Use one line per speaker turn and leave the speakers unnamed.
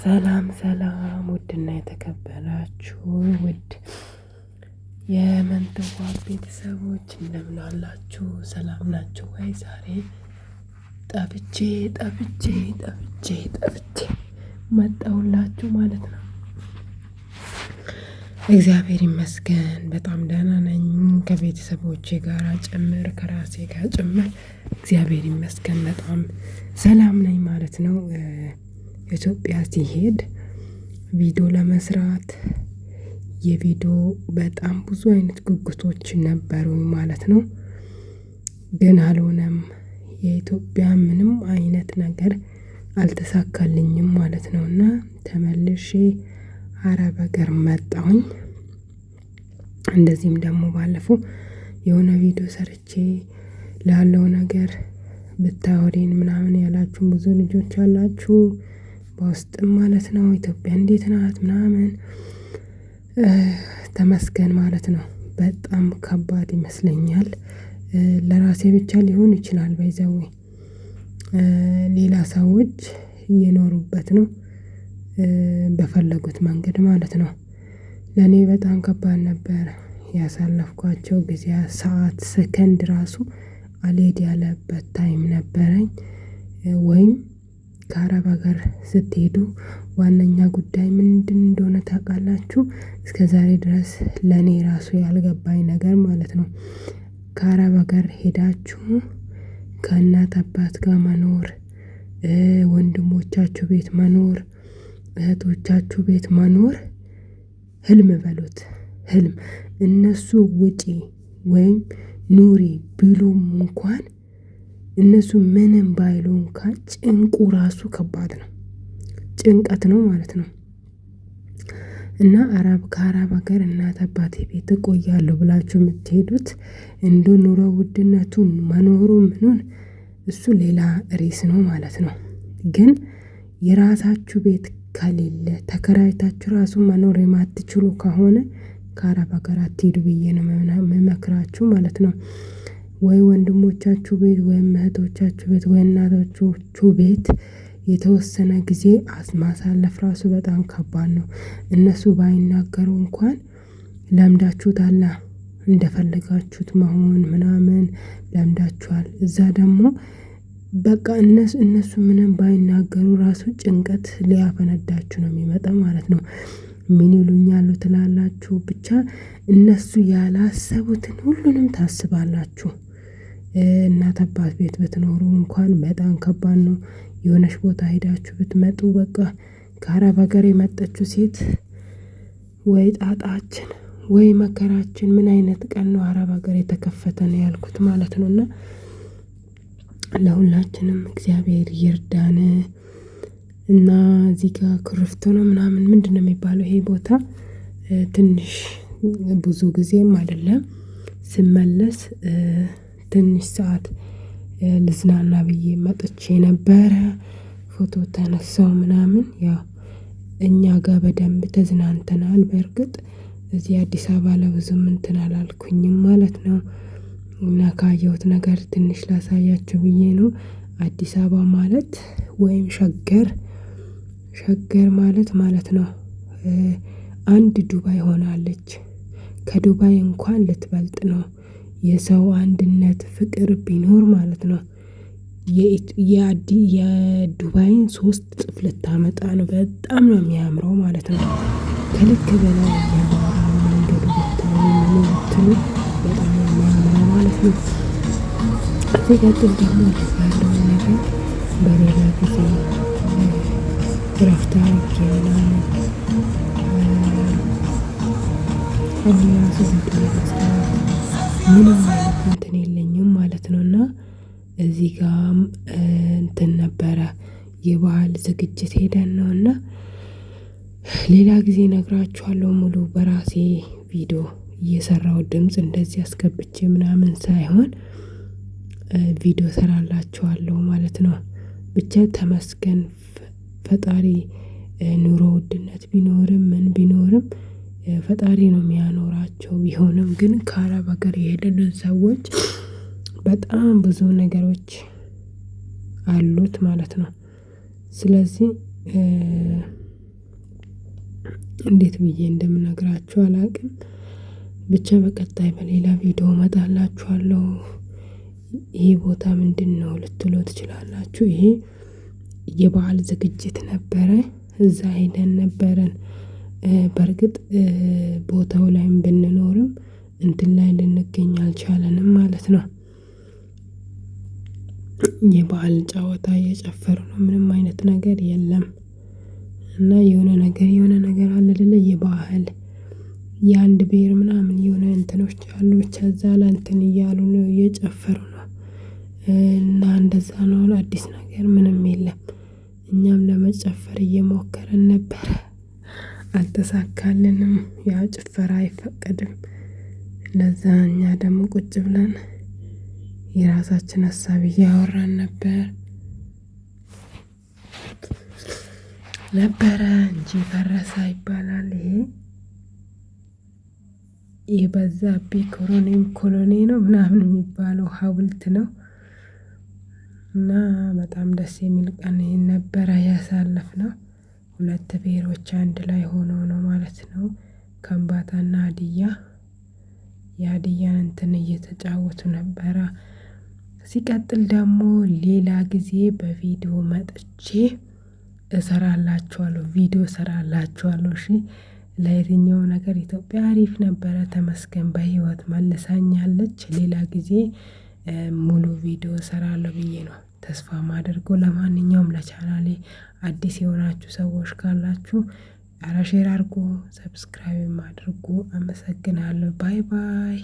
ሰላም ሰላም፣ ውድና የተከበራችሁ ውድ የመንትዋ ቤተሰቦች እንደምን አላችሁ? ሰላም ናችሁ ወይ? ዛሬ ጠፍቼ ጠፍቼ ጠፍቼ ጠፍቼ መጣሁላችሁ ማለት ነው። እግዚአብሔር ይመስገን በጣም ደህና ነኝ። ከቤተሰቦቼ ጋር ጭምር ከራሴ ጋር ጭምር እግዚአብሔር ይመስገን በጣም ሰላም ነኝ ማለት ነው። ኢትዮጵያ ሲሄድ ቪዲዮ ለመስራት የቪዲዮ በጣም ብዙ አይነት ጉጉቶች ነበሩ ማለት ነው። ግን አልሆነም። የኢትዮጵያ ምንም አይነት ነገር አልተሳካልኝም ማለት ነው እና ተመልሼ አረብ ሀገር መጣሁኝ። እንደዚህም ደግሞ ባለፈው የሆነ ቪዲዮ ሰርቼ ላለው ነገር ብታወሬን ምናምን ያላችሁ ብዙ ልጆች አላችሁ። በውስጥም ማለት ነው ኢትዮጵያ እንዴት ናት ምናምን ተመስገን ማለት ነው። በጣም ከባድ ይመስለኛል። ለራሴ ብቻ ሊሆን ይችላል ባይዘዌ ሌላ ሰዎች እየኖሩበት ነው በፈለጉት መንገድ ማለት ነው። ለእኔ በጣም ከባድ ነበረ ያሳለፍኳቸው ጊዜያት ሰዓት ሰከንድ ራሱ አልሄድ ያለበት ታይም ነበረኝ። ወይም ከአረብ ሀገር ስትሄዱ ዋነኛ ጉዳይ ምንድን እንደሆነ ታውቃላችሁ? እስከ ዛሬ ድረስ ለእኔ ራሱ ያልገባኝ ነገር ማለት ነው። ከአረብ ሀገር ሄዳችሁ ከእናት አባት ጋር መኖር፣ ወንድሞቻችሁ ቤት መኖር፣ እህቶቻችሁ ቤት መኖር ህልም በሉት ህልም። እነሱ ውጪ ወይም ኑሪ ቢሉም እንኳን እነሱ ምንም ባይሉ እንኳ ጭንቁ ራሱ ከባድ ነው፣ ጭንቀት ነው ማለት ነው። እና አረብ ከአረብ ሀገር እናት አባቴ ቤት እቆያለሁ ብላችሁ የምትሄዱት እንደ ኑሮ ውድነቱን መኖሩ ምኑን እሱ ሌላ ሬስ ነው ማለት ነው። ግን የራሳችሁ ቤት ከሌለ ተከራይታችሁ ራሱ መኖር የማትችሉ ከሆነ ከአረብ ሀገር አትሄዱ ብዬ ነው መመክራችሁ ማለት ነው። ወይ ወንድሞቻችሁ ቤት ወይም እህቶቻችሁ ቤት ወይ እናቶቻችሁ ቤት የተወሰነ ጊዜ ማሳለፍ ራሱ በጣም ከባድ ነው። እነሱ ባይናገሩ እንኳን ለምዳችሁታላ እንደፈለጋችሁት መሆን ምናምን ለምዳችኋል። እዛ ደግሞ በቃ እነሱ እነሱ ምንም ባይናገሩ ራሱ ጭንቀት ሊያፈነዳችሁ ነው የሚመጣ ማለት ነው። ምን ይሉኛሉ ትላላችሁ። ብቻ እነሱ ያላሰቡትን ሁሉንም ታስባላችሁ። እናት አባት ቤት ብትኖሩ እንኳን በጣም ከባድ ነው። የሆነች ቦታ ሄዳችሁ ብትመጡ በቃ ከአረብ ሀገር የመጣችው ሴት ወይ ጣጣችን ወይ መከራችን ምን አይነት ቀን ነው አረብ ሀገር የተከፈተ ነው ያልኩት ማለት ነው። እና ለሁላችንም እግዚአብሔር ይርዳን። እና እዚህ ጋ ክርፍቶ ነው ምናምን ነው የሚባለው ይሄ ቦታ? ትንሽ ብዙ ጊዜም አይደለም ስመለስ ትንሽ ሰዓት ልዝናና ብዬ መጥቼ ነበረ። ፎቶ ተነሳው ምናምን ያው እኛ ጋር በደንብ ተዝናንተናል። በእርግጥ እዚህ አዲስ አበባ ለብዙም እንትን አላልኩኝም ማለት ነው። እና ካየሁት ነገር ትንሽ ላሳያችሁ ብዬ ነው። አዲስ አበባ ማለት ወይም ሸገር ሸገር ማለት ማለት ነው። አንድ ዱባይ ሆናለች። ከዱባይ እንኳን ልትበልጥ ነው። የሰው አንድነት ፍቅር ቢኖር ማለት ነው የዱባይን ሶስት ጥፍ ልታመጣ ነው። በጣም ነው የሚያምረው ማለት ነው። ከልክ በላይ የሚያምረው መንገዱ ብትሉ በጣም የሚያምረው ማለት ነው። ሲቀጥል ደግሞ ያለውን ነገር በሌላ ጊዜ እረፍት አድርጌ አሁን ራሱ ዘጠ ዝድ ምንም አይነት እንትን የለኝም ማለት ነው። እና እዚህ ጋም እንትን ነበረ የባህል ዝግጅት ሄደን ነው እና ሌላ ጊዜ ነግራችኋለሁ። ሙሉ በራሴ ቪዲዮ እየሰራው ድምፅ እንደዚህ አስገብቼ ምናምን ሳይሆን ቪዲዮ ሰራላችኋለሁ ማለት ነው። ብቻ ተመስገን ፈጣሪ ኑሮ ውድነት ቢኖርም ምን ቢኖርም ፈጣሪ ነው የሚያኖራቸው። ቢሆንም ግን ከአረብ ሀገር የሄዱትን ሰዎች በጣም ብዙ ነገሮች አሉት ማለት ነው። ስለዚህ እንዴት ብዬ እንደምነግራችሁ አላቅም ብቻ በቀጣይ በሌላ ቪዲዮ መጣላችኋለሁ? ይሄ ቦታ ምንድን ነው ልትሉ ትችላላችሁ። ይሄ የበዓል ዝግጅት ነበረ። እዛ ሄደን ነበረን በርግጥ ቦታው ላይም ብንኖርም እንትን ላይ ልንገኝ አልቻለንም ማለት ነው። የበአል ጨዋታ እየጨፈሩ ነው ምንም አይነት ነገር የለም። እና የሆነ ነገር የሆነ ነገር አለ አይደለ የባህል የአንድ ብሄር ምናምን የሆነ እንትኖች አሉ ብቻ እዛ ላይ እንትን እያሉ ነው እየጨፈሩ ነው። እና እንደዛ ነው አዲስ ነገር ምንም የለም። እኛም ለመጨፈር እየሞከረን ነበረ አልተሳካልንም። ያው ጭፈራ አይፈቀድም። ለዛ እኛ ደግሞ ቁጭ ብለን የራሳችን ሀሳብ እያወራን ነበር ነበረ እንጂ ፈረሳ ይባላል። ይሄ የበዛቤ ኮሎኔም ኮሎኔ ነው ምናምን የሚባለው ሀውልት ነው እና በጣም ደስ የሚል ቀን ይህን ነበረ ያሳለፍ ነው። ሁለት ብሔሮች አንድ ላይ ሆነው ነው ማለት ነው። ከምባታና ሀዲያ የሀዲያን እንትን እየተጫወቱ ነበረ። ሲቀጥል ደግሞ ሌላ ጊዜ በቪዲዮ መጥቼ እሰራላችኋለሁ፣ ቪዲዮ እሰራላችኋለሁ። እሺ ለየትኛው ነገር ኢትዮጵያ አሪፍ ነበረ። ተመስገን በህይወት መልሳኛለች። ሌላ ጊዜ ሙሉ ቪዲዮ እሰራለሁ ብዬ ነው። ተስፋ ማድርጎ። ለማንኛውም ለቻናሌ አዲስ የሆናችሁ ሰዎች ካላችሁ ኧረ ሼር አድርጎ ሰብስክራይብ አድርጎ። አመሰግናለሁ። ባይ ባይ።